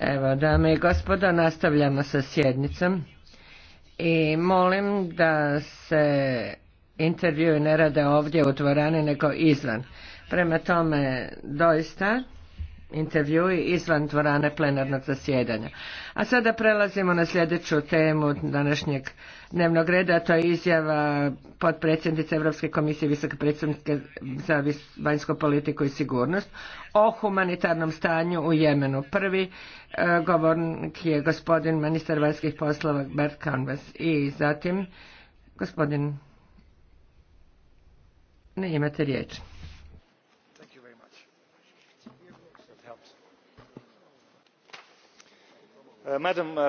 Evo, dame i gospodo, nastavljamo sa sjednicom i molim da se intervju ne rade ovdje u dvorani nego izvan. Prema tome, doista, intervjui izvan dvorane plenarnog zasjedanja. A sada prelazimo na sljedeću temu današnjeg dnevnog reda, a to je izjava podpredsjednice Europske komisije visoke predsjednice za vanjsku politiku i sigurnost o humanitarnom stanju u Jemenu. Prvi e, govornik je gospodin ministar vanjskih poslova Bert Canvas i zatim gospodin ne imate riječ. helps. Uh, uh,